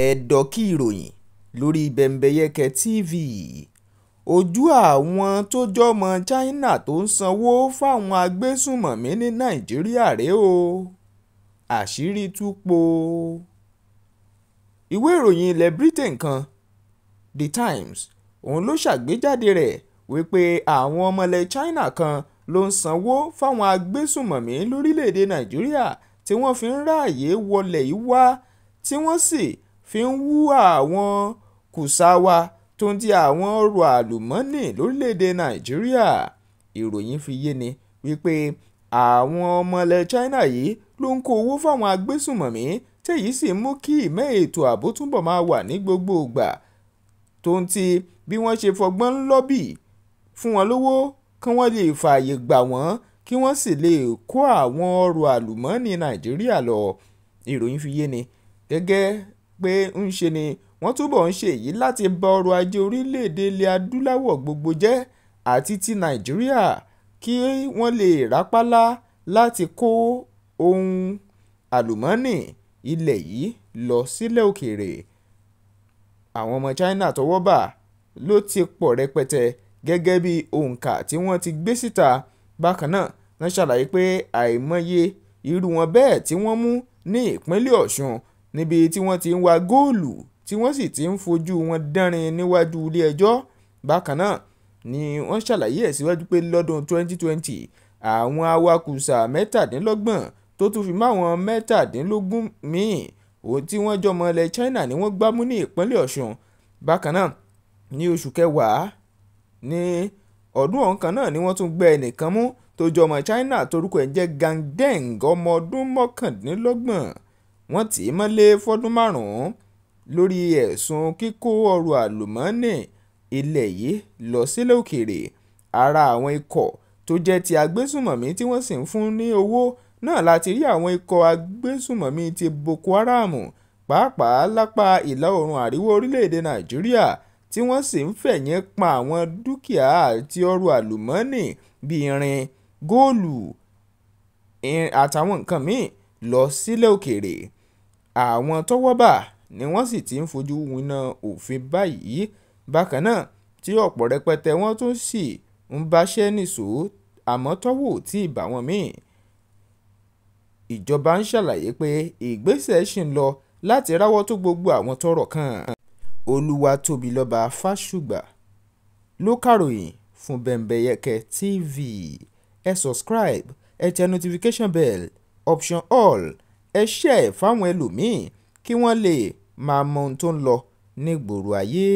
ẹ dọ́kí ìròyìn lórí bẹ́ńbẹ́yẹ́kẹ́ tv ojú àwọn tó jọmọ china tó ń sanwó fáwọn agbésùnmọ̀mí ní nàìjíríà rèé o àṣírí tú po ìwé ìròyìn ilẹ̀ britain kan the times òun ló ṣàgbéjáde rẹ̀ wípé àwọn ọmọlẹ̀ china kan ló ń sanwó fáwọn agbésùnmọ̀mí lórílẹ̀‐èdè nàìjíríà tí wọ́n fi ń ráàyè wọlé yìí wá tí wọ́n sì si, fi ń wú àwọn kùsàwà tó ń di àwọn ọrọ̀ àlùmọ́nì lórílẹ̀‐èdè nàìjíríà ìròyìn fi yéni wípé àwọn ọmọ china yìí ló ń kó owó fáwọn agbésùnmọ̀mí tèyí sì mú kí ìmẹ́ ètò ààbò túnbọ̀ máa wà ní gbogbo ìgbà tó ń ti bí wọ́n ṣe fọgbọ́n ń lọ́bì fún wọn lówó kí wọ́n lè fààyè gbà wọ́n kí wọ́n sì lè kó àwọn ọrọ̀ àlùmọ́ọ́nì nàìjíríà lọ ìròyìn fi yé ni gẹ́gẹ́ pé ńṣe ni wọ́n túbọ̀ ń ṣe èyí láti ba ọrọ̀ ajé orílẹ̀-èdè ilẹ̀ adúláwọ̀ gbogbo jẹ́ àti ti nàìjíríà kí wọ́n lè rápálá láti kó ohun àlùmọ́ọ́nì ilẹ̀ yìí lọ sílẹ̀ òkèèrè àwọn ọmọ China tọwọ́ bà ló ti pọ̀ rẹpẹtẹ gẹ́gẹ́ bí òǹkà tí wọ́n ti gbé síta bákan náà wọ́n ṣàlàyé pé àìmọye irú wọn bẹ́ẹ̀ tí wọ́n mú ní ìpínlẹ̀ Ọ̀ṣun níbi tí wọ́n ti ń wa góòlù tí wọ́n sì ti ń fojú wọn dánrin níwájú ilé ẹjọ́ bákan náà ni wọ́n ṣàlàyé ẹ̀ síwájú pé lọ́dún 2020 àwọn awakùsà mẹ́tàdínlọ́gbọ̀n tó tún fi máwọn mẹ́tàdínlógún míì òun tí wọ́n jọmọ ilẹ̀ China ni wọ́n gbámú ní ìpínlẹ̀ Ọ̀ṣun bákan náà ní oṣù kẹwàá ní ọdún ọ̀hún kan náà ni wọ́n tún gbé ẹnìkan mú tó jọmọ China torúkọ ẹ̀ ń jẹ́ Gang Deng ọmọ ọdún mọ́kàndínlọ́gbọ̀n wọ́n tì í mọ́lé fọ́dún márùn-ún lórí ẹ̀sùn kíkó ọrọ̀ àlùmọ́ọ́nì ilẹ̀ yìí lọ sílẹ̀ òkèèrè ara àwọn ikọ̀ tó jẹ́ ti agbésùmọ̀mí tí wọ́n sì ń fún ní owó náà láti rí àwọn ikọ̀ agbésùmọ̀mí ti Boko Haram pàápàá lápá ìlà oòrùn àríwá orílẹ̀-èdè Nàìjíríà tí wọ́n sì ń fẹ̀yìn pa àwọn dúkìá àti ọrọ̀ àlùmọ́ọ́nì bíi irin góòlù àtàwọn nǹkan míì lọ sílẹ̀ òkèèrè àwọn tọ́wọ́ bà ni wọ́n sì ti ń fojú winá òfin báyìí bákan náà tí ọ̀pọ̀ rẹpẹtẹ wọ́n tún sì ń báṣẹ́ nìṣó àmọ́ tọ́wọ́ ò tí ì bà wọ́n míì ìjọba ń ṣàlàyé pé ìgbésẹ̀ ṣì ń lọ láti ráwọ́ tó gbogbo àwọn tọ́rọ̀ kàn Olúwatóbilọ́ba Fásùgbà ló kàròyìn fún Bembeyeke TV ẹ subscribe ẹ tẹ notification bell option all ẹ ṣẹ́ ẹ̀ fáwọn ẹlòmíì kí wọ́n lè máa mọ ohun tó ń lọ nígboro ayé